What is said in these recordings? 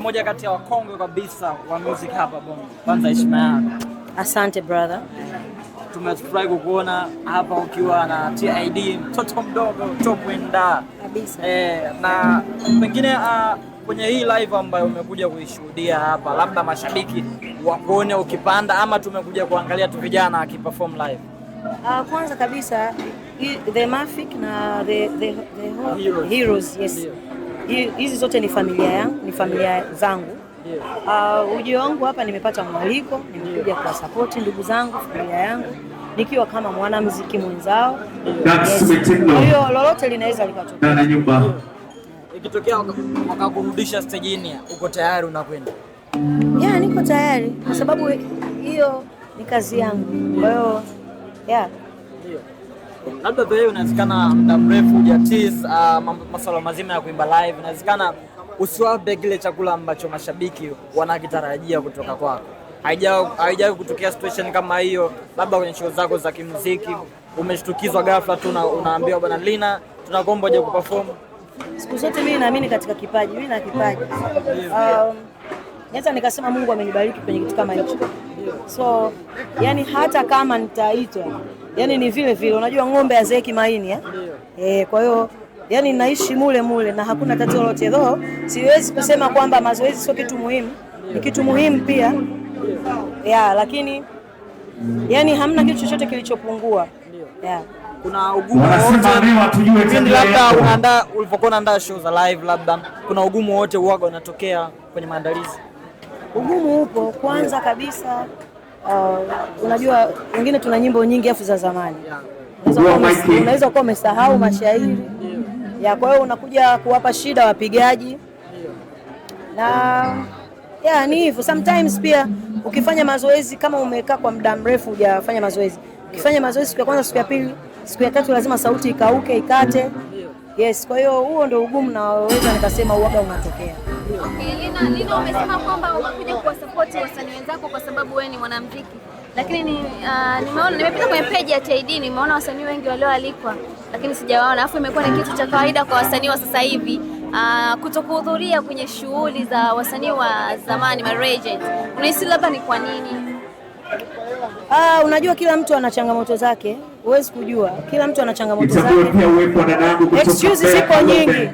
Mmoja kati ya wakongwe kabisa wa music hapa Bongo. Kwanza heshima yako. Asante brother. Tumefurahi kukuona hapa ukiwa na TID mtoto mdogo topwenda kabisa. Eh, na pengine uh, kwenye hii live ambayo umekuja kuishuhudia hapa, labda mashabiki wakuone ukipanda ama tumekuja kuangalia tu vijana akiperform live? Uh, kwanza kabisa the Mafik na the the, the, the Heroes. Heroes, yes. Ndio hizi zote ni familia yangu, ni familia zangu. Uh, ujio wangu hapa nimepata mwaliko, nimekuja kwa support ndugu zangu, familia yangu, nikiwa kama mwanamuziki mwenzao. Kwa hiyo lolote linaweza likatokea. Na nyumba ikitokea wakakurudisha stejini, uko tayari unakwenda? Yeah, niko tayari kwa sababu hiyo ni kazi yangu, kwa hiyo yeah labda wewe unawezekana muda mrefu hujatiz uh, ah, masuala mazima ya kuimba live, inawezekana usiwape kile chakula ambacho mashabiki wanakitarajia kutoka kwako. Haijawahi kutokea situation kama hiyo, labda kwenye show zako za kimuziki umeshtukizwa ghafla tu unaambiwa, bwana Lina, tunakuomba uje kuperform? Siku zote mimi naamini katika kipaji, mimi na kipaji um, naweza nikasema Mungu amenibariki kwenye kitu kama hicho, so yani hata kama nitaitwa yani ni vile vile, unajua ng'ombe hazeeki maini eh? eh? kwa hiyo yani naishi mule mule na hakuna tatizo lolote, though siwezi kusema kwamba mazoezi sio kitu muhimu, ni kitu muhimu pia ya, lakini yani hamna kitu chochote kilichopungua ya Kuna ugumu wote labda unaandaa, ulipokuwa unaandaa show za live, labda kuna ugumu wote uwaga unatokea kwenye maandalizi? Ugumu upo kwanza kabisa uh, unajua wengine tuna nyimbo nyingi afu za zamani, unaweza kuwa umesahau mashairi ya, kwa hiyo unakuja kuwapa shida wapigaji na yeah, ni hivyo sometimes. Pia ukifanya mazoezi kama umekaa kwa muda mrefu hujafanya mazoezi, ukifanya mazoezi siku ya kwanza, siku ya pili, siku ya tatu, lazima sauti ikauke, ikate Yes, kwa hiyo huo ndio ugumu naweza nikasema uoga unatokea. Okay, Lina, Lina umesema kwamba umekuja kuwasapoti wasanii wenzako kwa sababu wewe ni mwanamuziki, lakini ni, uh, nimeona nimepita kwenye page ya TID nimeona wasanii wengi walioalikwa lakini sijawaona, alafu imekuwa ni kitu cha kawaida kwa wasanii wa sasa hivi uh, kutokuhudhuria kwenye shughuli za wasanii wa zamani ma legend. Unahisi labda ni kwa nini? Uh, unajua kila mtu ana changamoto zake huwezi kujua, kila mtu ana changamoto zake. Excuse zipo nyingi.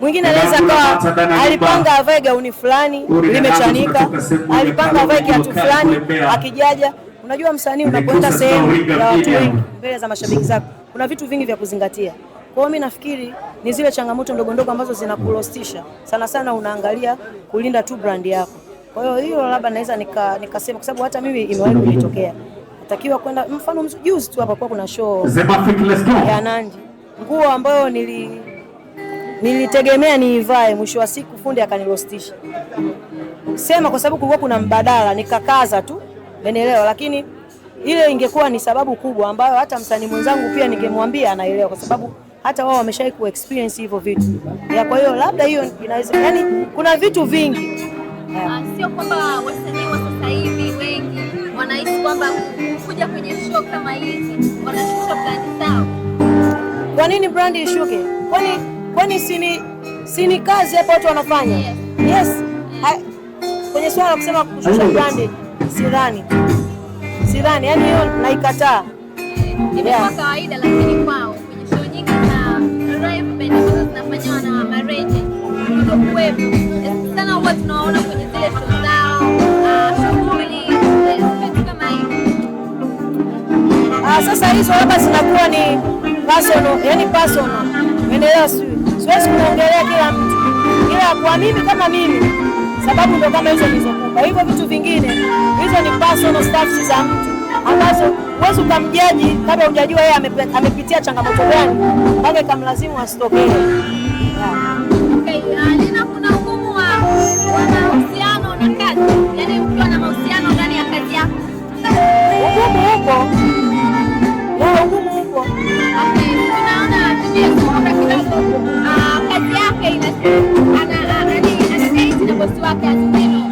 Mwingine anaweza kawa alipanga avae gauni fulani limechanika, alipanga avae kiatu fulani akijaja. Unajua msanii unapoenda sehemu ya watu wengi, mbele za mashabiki zako, kuna vitu vingi vya kuzingatia. Kwa hiyo mimi nafikiri ni zile changamoto ndogo ndogo ambazo zinakulostisha sana sana, unaangalia kulinda tu brand yako. Kwa hiyo hilo labda naweza nikasema nika, kwa sababu hata mimi imewahi kunitokea takiwa kwenda, mfano juzi tu hapa kwa kuna show ya Nandy, nguo ambayo nili nilitegemea niivae, mwisho wa siku fundi akanirostisha sema, kwa sababu kulikuwa kuna mbadala, nikakaza tu, umeelewa. Lakini ile ingekuwa ni sababu kubwa ambayo hata msanii mwenzangu pia ningemwambia anaelewa, kwa sababu hata wao wameshawahi ku experience hivyo vitu ya. Kwa hiyo labda hiyo inaweza, yani kuna vitu vingi ah, Sio kwamba wasanii wa sasa hivi wengi wanahisi kwamba wanapokuja kwenye show kama hizi wanashusha brandi zao. Kwa nini brandi ishuke? Kwani kwani sini sini kazi hapa watu wanafanya? Yes. yes. yes. Kwenye swala kusema kushusha brandi sidhani. Sidhani, yani hiyo naikataa. Ni eh, kwa kawaida lakini kwao kwenye show nyingi na live band zinafanywa na marege ndio Sana huwa tunaona kwenye zile show sasa hizo labda zinakuwa ni personal, yani personal, unaelewa? Siwezi kuongelea kila mtu, ila kwa mimi kama mimi, sababu ndio kama hizo nilizokupa. Hivyo vitu vingine, hizo ni personal stuff za mtu ambazo huwezi ukamjaji kabla hujajua yeye amepitia changamoto gani mpaka ikamlazimu asitokee. Uh, ugumu huko kidogo, tunaona kidogo ah, kazi yake anadeti na bosi wake Azimeno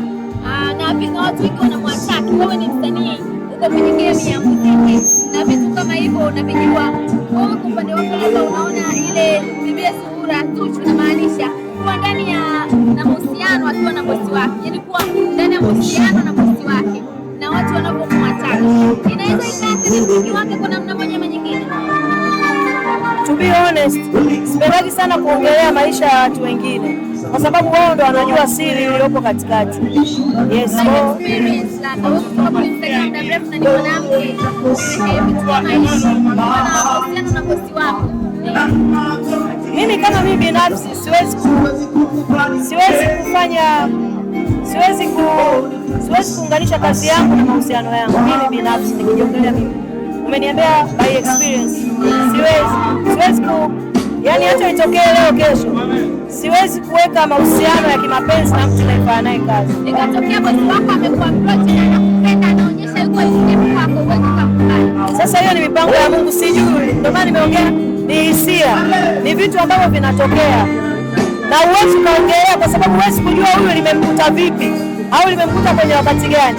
ah, na vina watu wengi wanamwataki, wewe ni msanii uko kwenye game ya muziki na vitu kama hivyo unavijua wewe. Kwa upande wako labda unaona ile bibia Zuhura Zuchu namaanisha kuwa ndani ya na mahusiano akiwa na bosi wake, yani kuwa ndani ya mahusiano na bosi wake best. Sipendagi sana kuongelea maisha ya watu wengine kwa sababu wao ndo wanajua siri iliyopo katikati. Yes, mimi kama mimi binafsi siwezi siwezi kufanya siwezi ku siwezi kuunganisha kazi yangu na mahusiano yangu mimi binafsi nikijiongelea mimi umeniambia by experience, siwezi siwezi ku yani, hata itokee leo kesho, siwezi kuweka mahusiano ya kimapenzi na mtu naifanya naye kazi. Ikatokea amekuwa anakupenda, anaonyesha yuko Sasa hiyo ni mipango ya Mungu, sijui. Ndio maana nimeongea, ni hisia, ni vitu ambavyo vinatokea na uwezi ukaongelea kwa sababu huwezi kujua huyo limemkuta vipi au limemkuta kwenye wakati gani.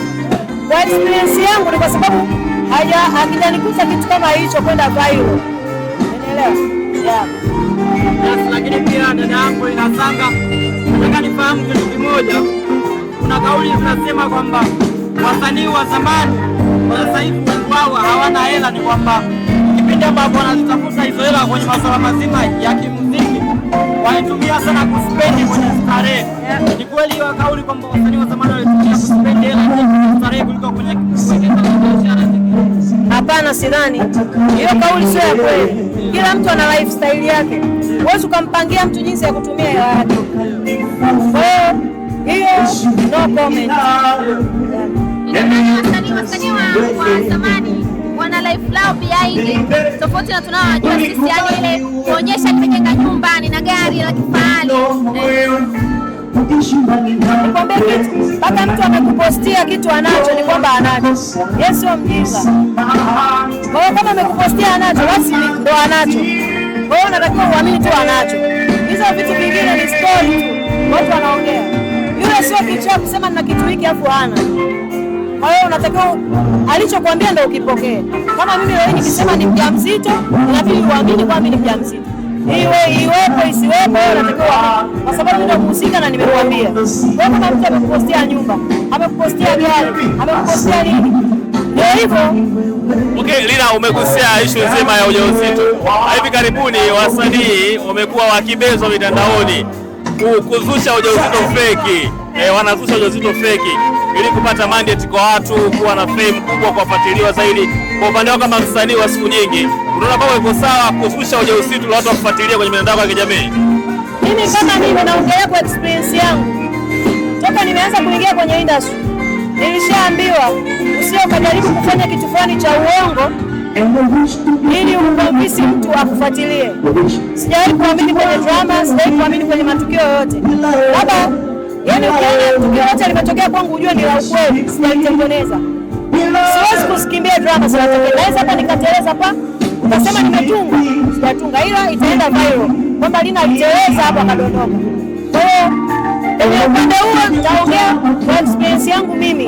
Kwa experience yangu ni kwa sababu haja akijanikuta kitu kama hicho kwenda viral, unaelewa? Lakini pia dada yako inasanga, nataka nifahamu kitu kimoja. Kuna kauli zinasema kwamba wasanii wa zamani sasa hivi wao hawana hela, ni kwamba kipindi ambapo wanazitafuta hizo hela kwenye masuala mazima ya walitumia sana kuspendi kwenye starehe. Ni kweli hiyo kauli kwamba wasanii wa zamani walitumia kuspendi hela starehe kuliko kwenye biashara? Hapana, sidhani hiyo kauli sio ya kweli. Kila mtu ana lifestyle yake, huwezi ukampangia mtu jinsi ya kutumia hela yake. Kwa hiyo hiyo no comment. Wasanii wa zamani na life lao behind, tofauti na tunaowajua sisi, yani ile kuonyesha nimejenga nyumbani na gari la kifahari Nikwambie kitu mpaka mtu amekupostia kitu anacho, ni kwamba anacho. Yesu wa mjinga. Kwa hiyo kama amekupostia anacho, basi ndo anacho. Kwa hiyo unatakiwa uamini tu anacho. Hizo vitu vingine ni story tu, watu wanaongea. Yule sio kichwa kusema na kitu hiki afu hana kwa hiyo unatakiwa alichokuambia ndio ukipokee. Kama mimi leo nikisema ni mjamzito, inabidi uamini kwa mimi ni mjamzito, iwe iwepo isiwepo, unatakiwa kwa sababu ndio mhusika na nimekuambia. Kwa kama mtu amekupostia nyumba, amekupostia gari, amekupostia nini, ndio hivyo. Okay, Lina umegusia ishu nzima ya ujauzito. Hivi karibuni wasanii wamekuwa wakibezwa mitandaoni kuzusha ujauzito feki eh, wanazusha ujauzito feki ili kupata mandate kwa watu kuwa na fame kubwa, kuwafuatiliwa zaidi. Kwa upande wako kama msanii wa siku nyingi, unaona kama iko sawa kuzusha ujauzito na watu wakufuatilia kwenye mitandao ya kijamii? Mimi kama mimi naongelea kwa experience yangu, toka nimeanza kuingia kwenye industry nilishaambiwa usio kujaribu kufanya kitu fulani cha uongo ili umvavisi mtu akufuatilie. Sijawahi kuamini kwenye drama, sijawahi kuamini kwenye matukio yoyote, labda Yani ukiona tukio lote limetokea kwangu ujue ni la ukweli, sijaitengeneza. Siwezi kusikimbia drama zinatokea. Naweza hapa nikateleza hapa ukasema nimetunga, sijatunga, ila itaenda viral kwamba Lina aliteleza hapa akadondoka. Kwa hiyo yaani upande huo nitaongea kwa experience yangu mimi.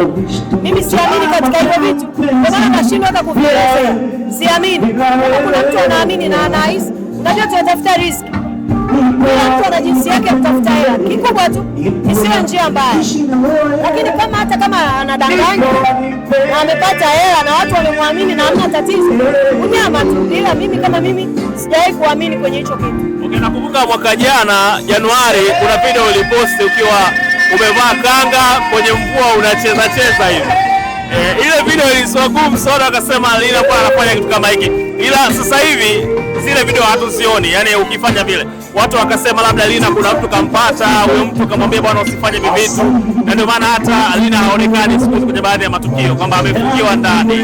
Mimi siamini katika hivyo vitu, kwa maana nashindwa hata kuvielezea. Siamini kama kuna mtu anaamini na anahisi, unajua tunatafuta riski kila mtu ana jinsi yake kutafuta hela, kikubwa tu isiyo njia mbaya. Lakini kama hata kama anadanganya na amepata hela na watu wamemwamini na hamna tatizo, unyama tu, ila mimi kama mimi sijawahi kuamini kwenye hicho kitu. Okay, nakumbuka mwaka jana Januari kuna video uliposti ukiwa umevaa kanga kwenye mvua unacheza cheza hivi. Eh, ile video ilisogumu sana, akasema lina kwa anafanya kitu kama hiki, ila sasa hivi zile video sioni, yani ukifanya vile watu wakasema labda Lina kuna mtu kampata, huyo mtu kamwambia bwana usifanye hivi vitu, na ndio maana hata Lina haonekani siku hizi kwenye baadhi ya matukio kwamba amefungiwa ndani.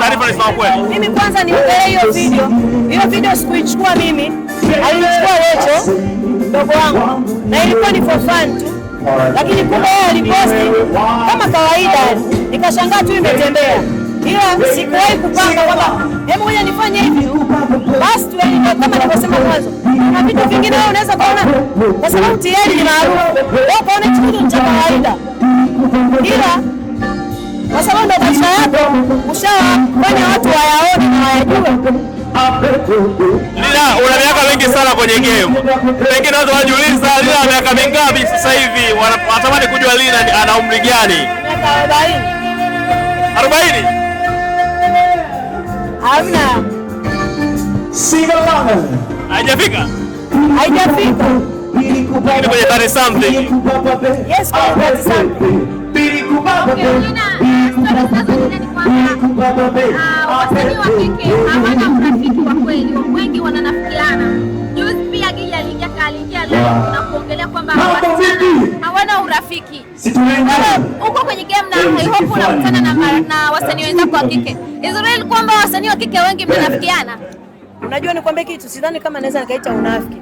Taarifa ni sawa kweli? Mimi kwanza niongee hiyo video, hiyo video sikuichukua mimi, alichukua Hecho mdogo wangu, na ilikuwa ni for fun tu, lakini kumbe yeye aliposti kama kawaida, nikashangaa tu imetembea ila sikuwahi kupanga kwamba hebu ngoja nifanye hivi, basi tuende. Yaani, kama nilivyosema mwanzo, na vitu vingine wewe unaweza kuona kwa sababu tayari ni maarufu, wewe kaona hicho kitu cha kawaida, ila kwa sababu ndio maisha yako, ushawafanya watu wayaone na wayajue. Lila, una miaka mingi sana kwenye game, pengine watu wajiuliza Lila ana miaka mingapi sasa hivi, wanatamani kujua Lila ana umri gani? miaka 40? arobaini Hamna. Single panel. Haijafika. Haijafika. Ili kupata ah, kweli, wengi wananafikiana. Juzi pia Gigy aliingia aliingia na kuongelea kwamba mkutano urafiki. Uko kwenye game na I hope unakutana na, na wasanii wenzako wa kike. Israel, kwamba wasanii wa kike wengi mnafikiana. Unajua nikwambie kitu, sidhani kama naweza nikaita unafiki.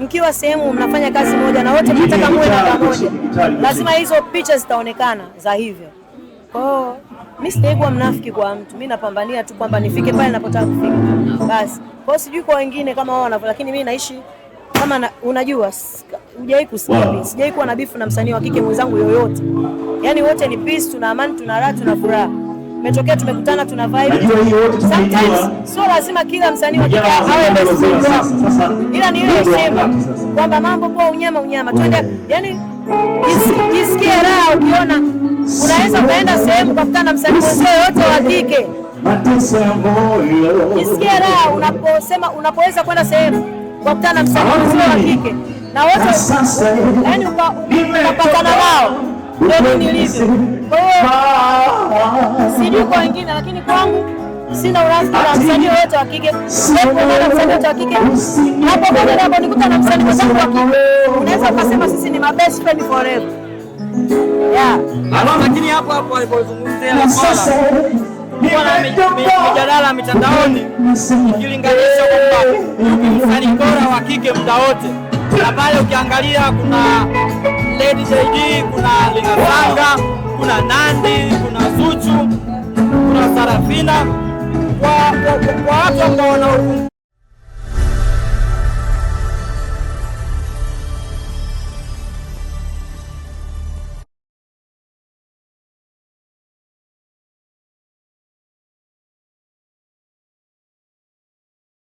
Mkiwa sehemu mnafanya kazi moja na wote mnataka muwe dada moja, lazima hizo picha zitaonekana za hivyo. Oh, hiyo mimi sijaikuwa mnafiki kwa mtu, mimi napambania tu kwamba nifike pale ninapotaka kufika basi. Kwa hiyo sijui kwa wengine kama wao wanavyo, lakini mimi naishi kama na, unajua hujawahi kusikia, sijawahi kuwa na bifu na msanii wa kike mwenzangu yoyote. Yaani wote ni peace, tuna amani, tuna raha, tuna furaha. Umetokea, tumekutana, tuna vibe. Sometimes sio lazima kila msanii wa kike awe best friend, ila ni ile sema kwamba mambo kwa unyama unyama, twende eh. yani jisikie raha. Ukiona unaweza kuenda sehemu ukakutana na msanii mwenzio yoyote wa kike jisikie raha, unaposema unapoweza kwenda sehemu ukakutana na msanii mwenzio wa kike na wote yaani unapatana nao, ndio nilivyo. Kwa sijui kwa wengine, lakini kwangu sina urafiki na msanii wote wa kike, na msanii wote wa kike. Hapo kwenye hapo nikuta na msanii mwenzangu wa kike, unaweza kusema sisi ni my best friend forever. Yeah. Alo, Lakini hapo hapo alipozungumzia mijadala mitandaoni, ukilinganisha kwamba eh, msanii bora wa kike muda wote na pale ukiangalia kuna Lady JD, kuna Linasanga, kuna Nandi, kuna Zuchu, kuna Sarafina kwa watu ambao wana